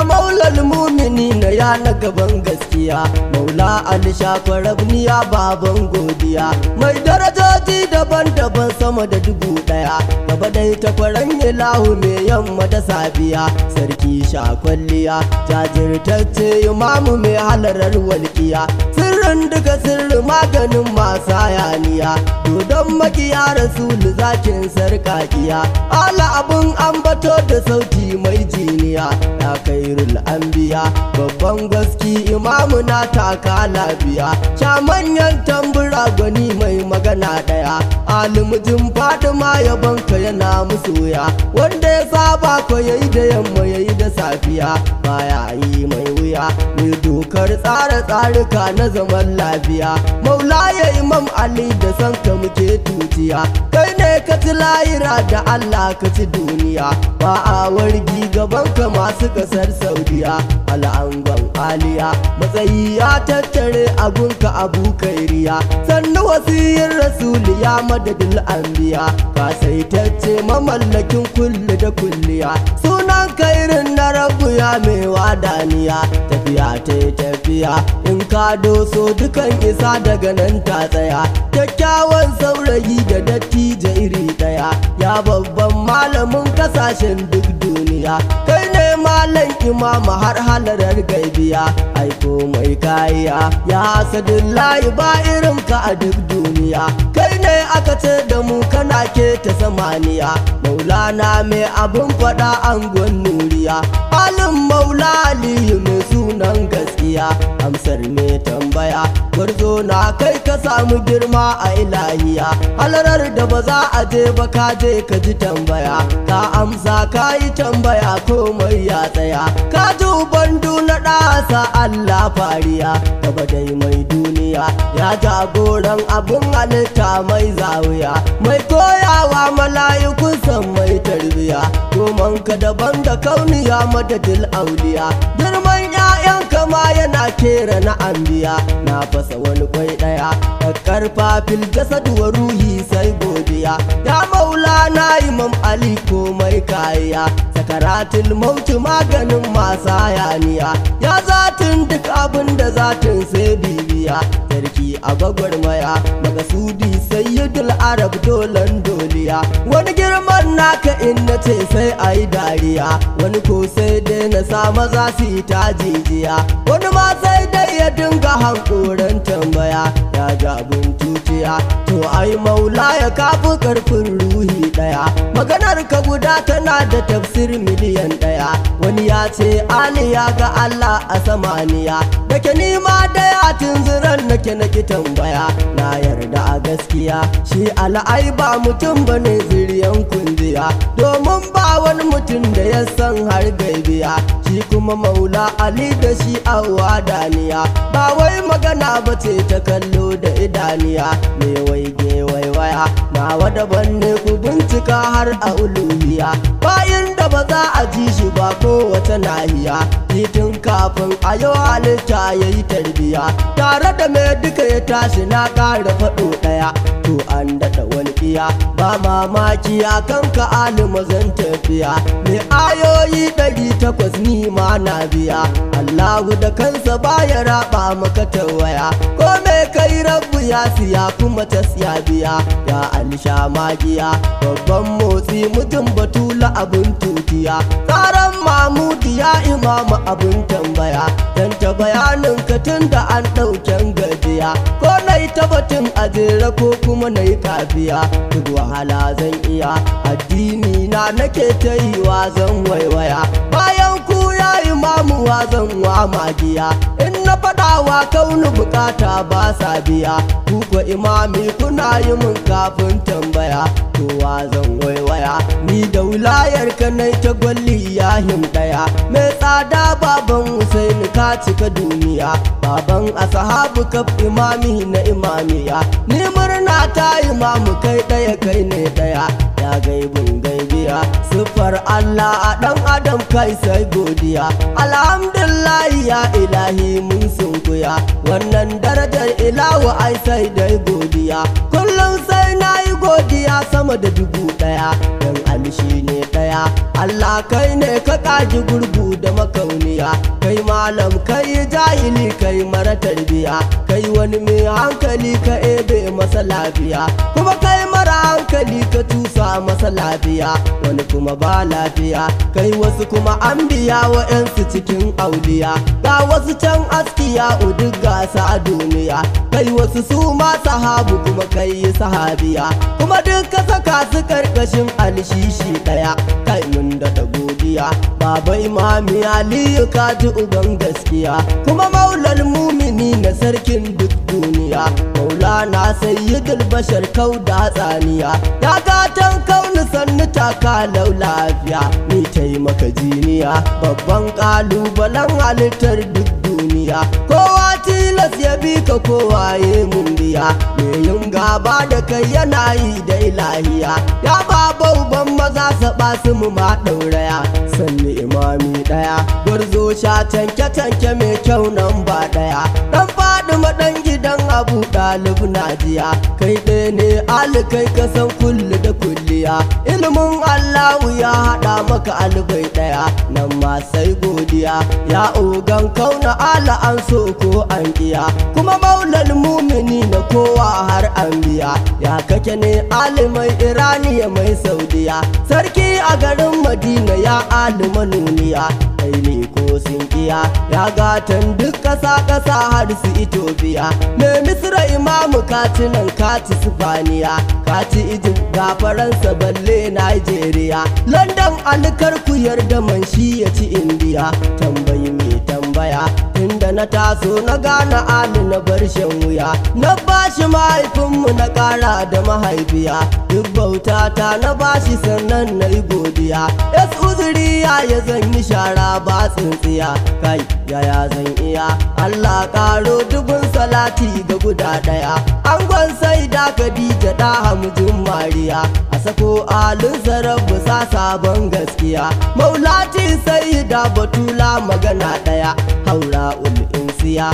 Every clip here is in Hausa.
ya mumini na ya na gaban gaskiya maula Alisha rabniya baban godiya mai darajoji daban-daban sama da dubu daya gaba dai faran ilahu mai yamma da safiya sarki shakwalliya jajirtacce imamu mai halarar walkiya sirrin duka sirri maganin masu hayaniya ya makiya rasulu zakin sarkakiya ala abun ambato da sauti mai jiniya ya kairul anbiya babban gaski imamu na taka lafiya sha manyan tambura gwani mai magana daya alimujin fatima ya banka yana musoya wanda ya saba ko yayi da yamma yayi da safiya baya yi mai wuya mai dokar tsare tsarika na zaman lafiya maula ya imam ali da sanka muke dutiya kai ne ka ci layira da Allah ka ci duniya ba a wargi gaban ka masu kasar saudiya al'angon aliya matsayi ya tattare abunka abu kairiya sannu wasiyin rasuli ya madadin anbiya ka saitacce mamallakin kullu da kulliya sunan kairin tafiya mai wadaniya tafiya ta tafiya in ka doso dukan isa daga nan ta tsaya kyakkyawan saurayi da dattijo iri daya ya babban malamin kasashen duk duniya kai malan imama har halarar gaibiya ai komai kayiya ya sadullahi layi ba irin ka a duk duniya kai ne aka ce da mu kana ke ta samaniya maulana mai abin faɗa angon nuriya alin maula aliyu mai sunan gaskiya amsar me tambaya gwarzo na kai ka samu girma a ilahiya halarar da ba za a je ba ka je ka ji tambaya ka amsa ka yi tambaya komai ya tsaya ka bandu na ɗasa Allah fariya gaba dai mai duniya ya jagoran abin halitta mai zawiya mai koyawa mala'ikun san mai tarbiya domin ka daban da kauniya madadin auliya girman bayan kama yana kera na ambiya na fasa wani kwai ɗaya da karfa fil ruhi sai godiya ya maula na imam ali komai kaya sakaratul mauti maganin masu niya ya zatin duk abinda da zatin sai bibiya sarki a gwagwarmaya makasudi sai abdul arab dolan doliya wani girman naka in na ce sai a dariya wani ko sai dai na sa maza su yi tajijiya wani ma sai dai ya dinga hankoran tambaya ya ji abin tuciya to ai maula ya kafi karfin ruhi daya maganar ka guda tana da tafsir miliyan daya wani ya ce ya ga allah a samaniya da nima da ya ziran nake nake tambaya na yarda a gaskiya shi al'ai ba mutum ba ne ziriyan domin ba wani mutum da ya san har gaibiya shi kuma maula ali da shi awa daniya ba wai magana ba ce ta kallo da idaniya me wai ge waiwaya dawa daban ne ku bincika har a uluhiya bayan da ba za a ji shi ba kowace nahiya titin kafin a yau halitta ya yi tarbiya tare da mai duka ya tashi na kare faɗo ɗaya to an daɗa wani iya ba mamaki a ka alima zan tafiya mai ayoyi ɗari takwas ni ma na biya allahu da kansa baya raba maka tawaya ko mai kai rabu ya siya kuma ta siya biya ya an sha magiya babban motsi mutum batula abin tutiya tsaron mamudi ya imama abin tambaya dan ta bayanin ka da an ɗauken gajiya ko na yi tabbatin a jera ko kuma na yi kafiya duk wahala zan iya addini na nake ta yi zan waiwaya bayan ku ya imamu zan wa magiya in na wa kaunu bukata ba sa biya kuka imami kuna yi mun kafin tambaya to wa zan waiwaya ni da wulayar ka nai ta gwalli him daya mai tsada baban husaini ka cika duniya baban asahabu ka imami na imamiya ni murna ta mu kai daya kai ne daya ya gaibin gaibiya siffar Allah a dan adam kai sai godiya alhamdulillah ya ilahi mun sun kunkuya wannan darajar ilawa ai sai dai godiya kullum sai nayi godiya sama da dubu daya don amshi ne daya Allah kai ne ka kaji gurgu da makauniya kai malam kai jahili kai mara tarbiya kai wani mai hankali ka ebe masa lafiya kuma kai gyara hankali ka tusa masa lafiya wani kuma ba lafiya kai wasu kuma an biya wa'yansu cikin auliya ga wasu can askiya uduk gasa a duniya kai wasu su ma sahabu kuma kai yi sahabiya kuma duk ka saka su karkashin alishishi daya kai mun da dago Babai ma imami aliyu ka ji uban gaskiya kuma maular mumini na sarkin duk duniya maulana sayyidul bashar kau da tsaniya, ya gatan kauni sannu takalau lafiya ni maka jiniya babban kalubalen halittar duk biya kowa tilas ya bi ka kowa ya mun biya me yin gaba da kai yana yi da lahiya ya ba uban maza ba su mu ma dauraya sanni imami daya gwarzo sha tanke tanke mai kyau nan ba daya dan faɗi maɗan gidan abu ɗalib najiya kai ɗaya ne alikai kasan kullu da kulliya ilimin allahu ya haɗa maka alibai ɗaya nan ma sai godiya ya ogan kauna ala an so ko an giya kuma maulal mumini na kowa har an biya ya kake ne alimai iraniya mai saudiya sarki a garin madina ya alimanuniya aini ko sun ya gatan duk ƙasa ƙasa har su Ethiopia me Misra imamu kati nan kati Sifaniya kati Egypt ga Faransa balle Nigeria London alkar ku yarda man shi ya ci India tambayi me tambaya inda na taso na gane ali na bar shan wuya na bashi mahaifinmu na kara da mahaifiya duk bauta ta na bashi sannan na yi godiya yas uzuri ya ya zan yi shara ba tsintsiya kai yaya zan iya allah karo dubun salati ga guda daya angon sai da Khadija, da Hamjin mariya a sako alin zarabu sa sabon gaskiya maulati sai da batula magana daya haura ul insiya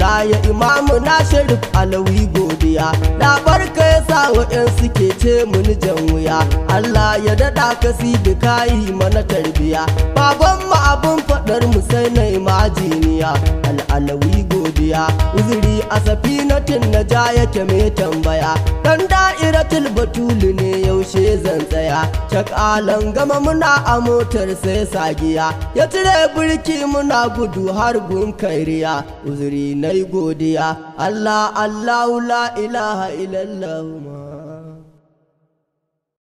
ya imamu na sharif alawi godiya da barka ya sa wa'yan suke ce muni jan wuya Allah ya dada ka da kayi mana tarbiya baban mu abin faɗar mu sai na imajiniya al'alawi biya uzuri a safinatin na ja yake mai tambaya dan da'iratul batulu ne yaushe zan tsaya cakalan gama muna a motar sai sagiya ya cire birki muna gudu har gun kairiya uzuri na godiya Allah Allah la ilaha illallah